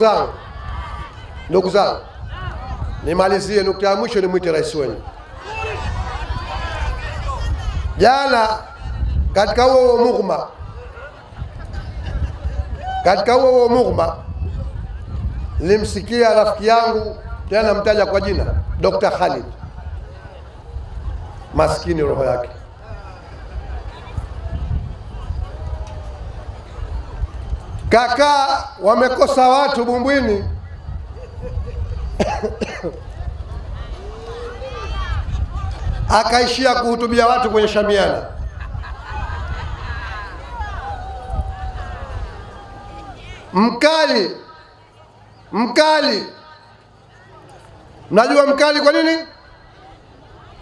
zangu, ndugu zangu, nimalizie nukta ya mwisho, nimwite rais wenu. Jana katika huo huo mughma, katika huo huo mughma nilimsikia rafiki yangu tena namtaja kwa jina Dr. Khalid, maskini roho yake Kakaa wamekosa watu Bumbwini. akaishia kuhutubia watu kwenye shamiana. Mkali, mkali. Mnajua mkali kwa nini?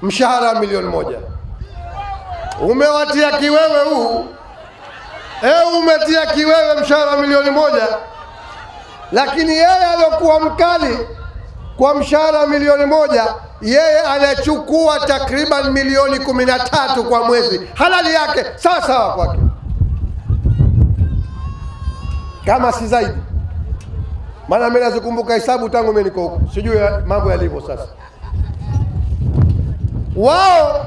Mshahara wa milioni moja umewatia kiwewe huu eu umetia kiwewe mshahara milioni moja, lakini yeye aliyokuwa mkali kwa mshahara milioni moja yeye anachukua takriban milioni kumi na tatu kwa mwezi, halali yake sawa sawa kwake, kama si zaidi. Maana mimi nazikumbuka hesabu tangu mimi niko huko, sijui mambo yalivyo sasa. Wao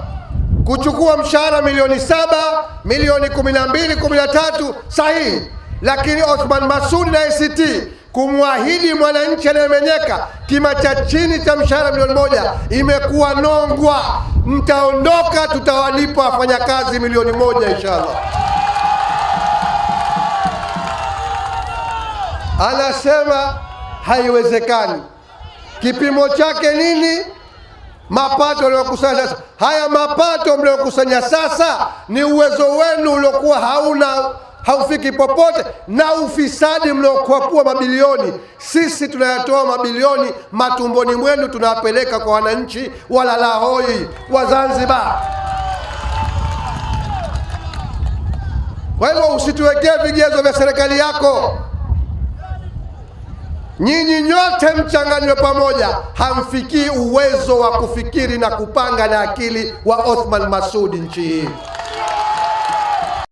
kuchukua mshahara milioni saba milioni kumi na mbili kumi na tatu sahihi, lakini Othman Masud na ACT kumwahidi mwananchi anayemenyeka kima cha chini cha mshahara milioni moja imekuwa nongwa. Mtaondoka, tutawalipa wafanyakazi milioni moja inshallah. Anasema haiwezekani. Kipimo chake nini? mapato mliokusanya sasa. Haya mapato mliokusanya sasa ni uwezo wenu uliokuwa hauna haufiki popote, na ufisadi mliokuwa mabilioni. Sisi tunayatoa mabilioni matumboni mwenu, tunawapeleka kwa wananchi walalahoi wa Zanzibar. Kwa hivyo usituwekee vigezo vya serikali yako. Nyinyi nyote mchanganywe pamoja, hamfikii uwezo wa kufikiri na kupanga na akili wa Othman Masudi nchi hii.